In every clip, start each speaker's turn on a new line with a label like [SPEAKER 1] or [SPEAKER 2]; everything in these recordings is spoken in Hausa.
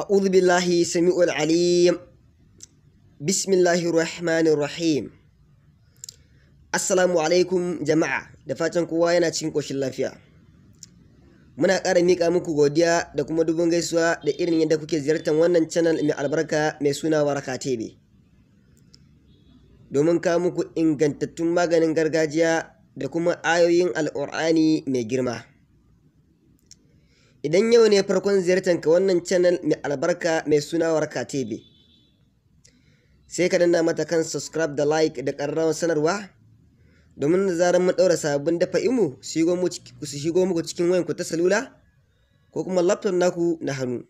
[SPEAKER 1] أعوذ بالله سميع العليم بسم الله الرحمن الرحيم Assalamu alaikum jama'a da fatan kowa yana cikin koshin lafiya. Muna ƙara miƙa muku godiya da kuma dubin gaisuwa da irin yadda kuke ziyartar wannan channel mai albarka mai suna Waraka TV. Domin kawo muku ingantattun maganin gargajiya da kuma ayoyin al'ur'ani mai girma. Idan yau ne farkon ka wannan channel mai albarka mai suna Warka tebe Sai ka danna mata kan subscribe da like da ƙararrawar sanarwa domin da zarar mun ɗaura sabbin dafa imu su shigo muku cikin wayan ku ta salula ko kuma laptop naku na hannu.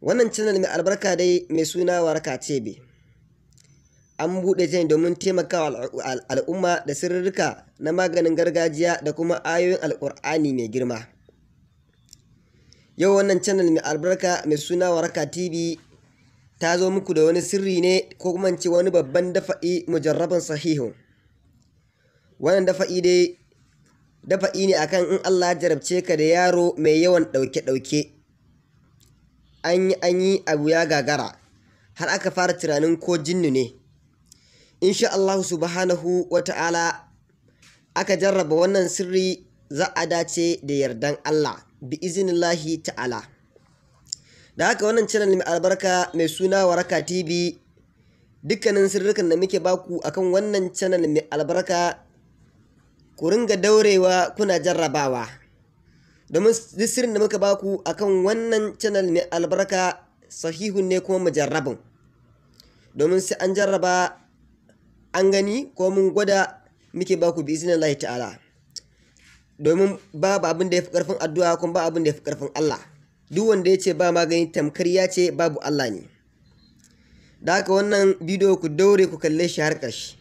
[SPEAKER 1] Wannan channel mai albarka dai mai suna Warka tebe An buɗe ta domin domin taimakawa al'umma da sirrika na maganin gargajiya da kuma ayoyin alƙur'ani mai girma. yau wannan channel mai albarka mai suna waraka tv ta zo muku da wani sirri ne ko kuma ce wani babban dafa'i mujarrabin sahihu wannan dafa'i dai dafa'i ne akan in Allah jarabce ka da yaro mai yawan ɗauke-ɗauke an yi an yi abu ya gagara har aka fara tunanin ko jinnu ne insha Allah subhanahu wa ta'ala aka jarraba wannan sirri za a dace da yardan Allah bi izinillahi ta'ala da haka wannan channel mai albarka mai suna waraka tv dukkanin sirrikan da muke baku akan wannan channel mai albarka ku ringa daurewa kuna jarrabawa domin duk sirrin da muka baku akan wannan channel mai albarka sahihun ne kuma mujarrabin domin sai an jarraba an gani ko mun gwada muke baku bi izinillahi ta'ala domin babu abin da ya fi ƙarfin addu'a kuma ba abin da ya fi ƙarfin Allah duk wanda ya ce ba magani tamkar ya ce babu Allah ne da haka wannan bidiyo ku daure ku kalle shi har ƙarshe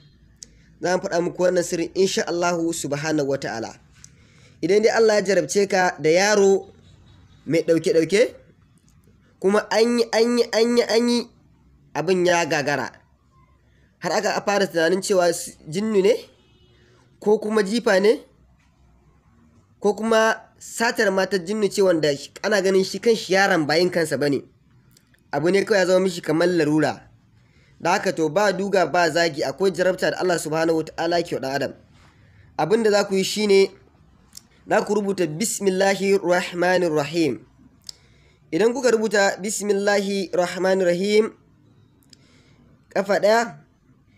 [SPEAKER 1] za mu faɗa muku wannan sirrin insha Allahu subhanahu wata'ala idan dai Allah ya jarabce ka da yaro mai ɗauke-ɗauke kuma an anyi anyi yi abin ya gagara har aka fara tunanin cewa jinnu ne ko kuma jifa ne ko kuma satar matar jinnu ce wanda ana ganin shi kan shi yaron bayin kansa ba ne abu ne kawai ya zama mishi kamar larura da haka to ba duga ba zagi akwai jarabta da Allah subhanahu wa ta'ala ke wa adam abin da za ku yi shi ne za ku rubuta bismillahi rahmani rahim idan kuka rubuta bismillahi rahmani rahim kafa ɗaya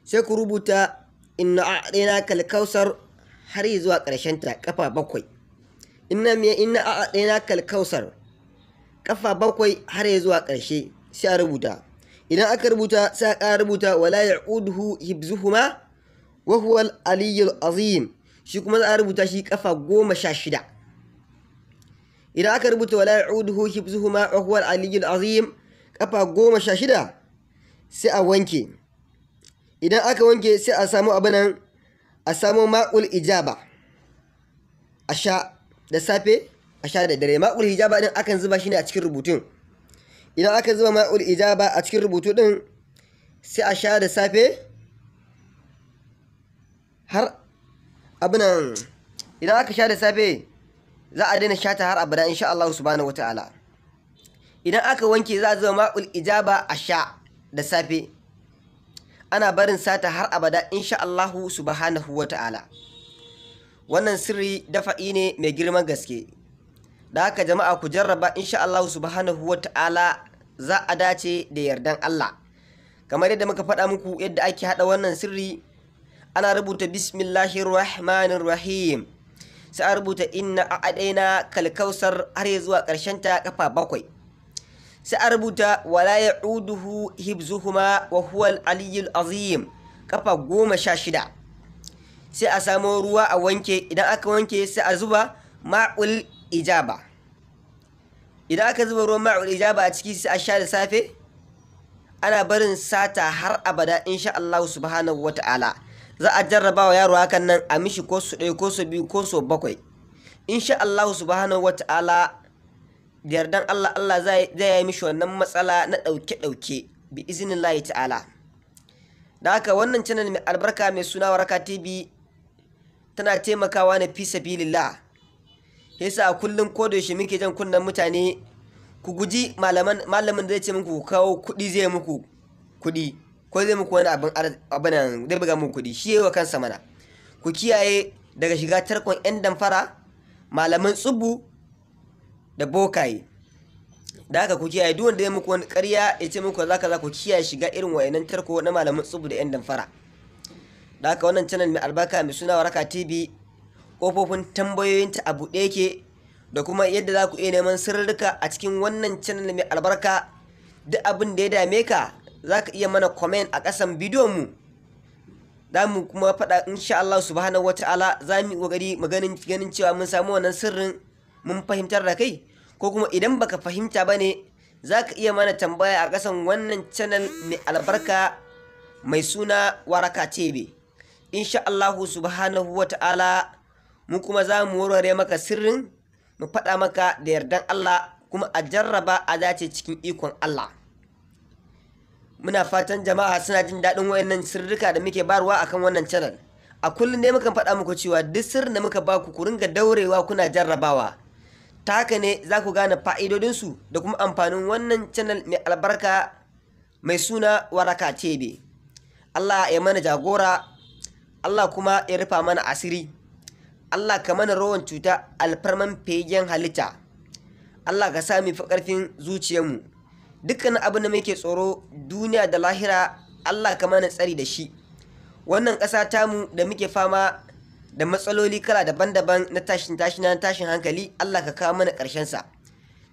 [SPEAKER 1] sai ku rubuta inna a'dina kalkausar har zuwa ƙarshen ta kafa bakwai inna miya inna a ɗaya kalkausar kafa bakwai har ya zuwa ƙarshe sai a rubuta idan aka rubuta sai a rubuta wala ya'uduhu hibzuhuma wa huwa al azim shi kuma za a rubuta shi kafa goma sha shida idan aka rubuta wala ya'uduhu hibzuhuma wa huwa al-aliyyul azim kafa goma sha shida sai a wanke idan aka wanke sai a samu abinan a samu ma'ul ijaba a sha da safe a sha da dare ma'ul hijaba din akan zuba shi ne a cikin rubutun idan aka zuba ma'ul hijaba a cikin rubutu din sai a sha da safe har abinan idan aka sha da safe za a daina shata har abada insha Allah subhanahu wataala idan aka wanke za a zuba ma'ul ijaba a sha da safe ana barin sata har abada insha Allah subhanahu wataala wannan sirri dafa'i ne mai girman gaske da haka jama'a ku jarraba insha Allah subhanahu wa ta'ala za a dace da yardan Allah kamar yadda muka faɗa muku yadda ake haɗa wannan sirri ana rubuta bismillahir rahmanir rahim sai a rubuta inna a adaina kalkausar har zuwa ƙarshen ta kafa bakwai sai a rubuta wala ya'uduhu hibzuhuma wa huwal aliyyul azim kafa goma sha shida sai a samo ruwa a wanke idan aka wanke sai a zuba ma'ul ijaba idan aka zuba ruwan ma'ul ijaba a ciki sai a sha da safe ana barin sata har abada insha Allah subhanahu wata'ala za a jarraba wa yaro hakan nan a mishi ko su ɗaya ko su biyu ko su bakwai insha Allah subhanahu wata'ala da yardan Allah Allah zai yi mishi wannan matsala na ɗauke-ɗauke bi izinin Allah ta'ala da haka wannan canan mai albarka mai suna waraka tv tana taimakawa na fi sabilillah yasa a kullum ko da yaushe muke jan kunnen mutane ku guji malaman malamin da zai ce muku kawo kuɗi zai muku kuɗi ko zai muku wani abin abin da buga muku kuɗi shi yawa kansa mana ku kiyaye daga shiga tarkon yan damfara malaman tsubu da bokaye da haka ku kiyaye duk wanda ya muku wani ƙarya ya ce muku za ka za ku kiyaye shiga irin wa'inan tarko na malaman tsubu da yan damfara da haka wannan channel mai albarka mai suna waraka tv kofofin ta a buɗe yake da kuma yadda za ku iya neman sirrika a cikin wannan channel mai albarka duk abin da ya dame ka za ka iya mana comment a ƙasan bidiyon mu za mu kuma faɗa insha Allah subhanahu ta'ala za mu ƙoƙari mu ganin cewa mun samu wannan sirrin mun fahimtar da kai ko kuma idan baka fahimta ba ne za ka iya mana tambaya a ƙasan wannan channel mai albarka mai suna waraka tebe insha Allahu subhanahu wa ta'ala mu kuma za mu warware maka sirrin mu faɗa maka da yardan Allah kuma a jarraba a dace cikin ikon Allah muna fatan jama'a suna jin daɗin wayannan sirrika da muke barwa akan wannan channel a kullum dai mukan faɗa muku cewa duk sirrin da muka baku ku ringa daurewa kuna jarrabawa ta haka ne za ku gane su da kuma amfanin wannan channel mai albarka mai suna waraka tebe Allah ya mana jagora Allah kuma ya rufa mana asiri Allah ka mana rawan cuta alfarman fegen halitta Allah ka sa mu fi ƙarfin zuciyarmu dukkan abin da muke tsoro duniya da lahira Allah ka mana tsari da shi wannan ƙasa tamu da muke fama da matsaloli kala daban-daban na tashin tashin na tashin hankali Allah ka kawo mana ƙarshen sa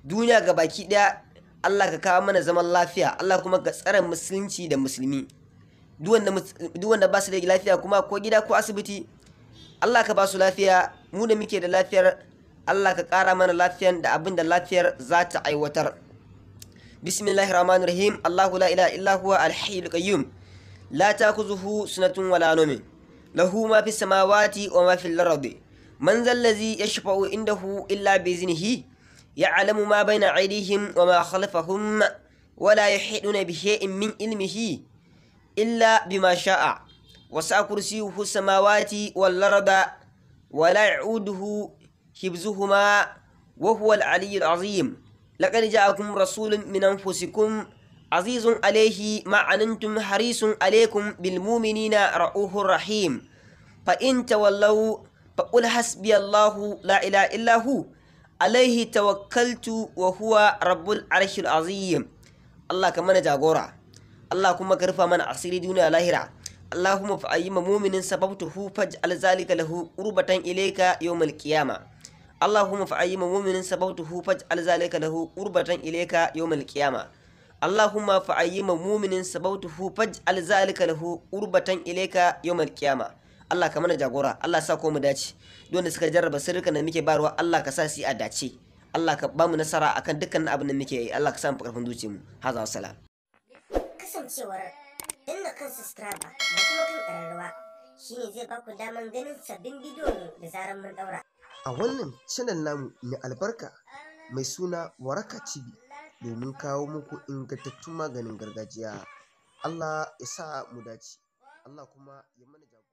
[SPEAKER 1] duniya ga baki ɗaya Allah ka kawo mana zaman lafiya Allah kuma ka tsare musulunci da musulmi duk wanda ba su da lafiya kuma ko gida ko asibiti Allah ka ba su lafiya mu da muke da lafiyar Allah ka ƙara mana lafiyan da abin da lafiyar za ta aiwatar bismillahir rahmanir rahim Allahu la ilaha illa huwa al-hayyul qayyum la ta'khudhuhu sunatun wala nawm lahu ma fis samawati wa ma fil ardi man zal ladzi yashfa'u indahu illa bi iznihi ya'lamu ma bayna aydihim wa ma khalfahum ولا يحيطون بشيء من علمه illa bima sha'a wasa kursiyuhu samawati wal arda wala ya'uduhu hibzuhuma wa huwa al aliyyul azim laqad ja'akum rasulun min anfusikum azizun alayhi ma anantum harisun alaykum bilmuminina mu'minina rahim fa in tawallaw fa qul hasbiyallahu la ilaha illa hu alayhi tawakkaltu wa huwa azim Allah ka mana jagora Allah kuma ka rufa mana asiri duniya lahira Allahumma fa ayyima muminin sababtuhu faj alzalika lahu qurbatan ilayka yawmal qiyama Allahumma fa ayyima muminin sababtuhu faj alzalika lahu qurbatan ilayka yawmal qiyama Allahumma fa ayyima muminin sababtuhu faj alzalika lahu qurbatan ilayka yawmal qiyama Allah ka mana jagora Allah sa ko mu dace don da suka jarraba sirrika da muke barwa Allah ka sa su a dace Allah ka ba mu nasara akan dukkan abin da muke yi Allah ka sa mu karfin zuciyarmu haza wassalam cewar danna kan subscribe da kuma kan ƙararrawa shine zai ba ku daman ganin sabbin da zarar mun daura. A wannan channel namu mai albarka mai suna Waraka TV domin kawo muku ingantattun maganin gargajiya. Allah ya sa mu dace. Allah kuma ya mana jagora.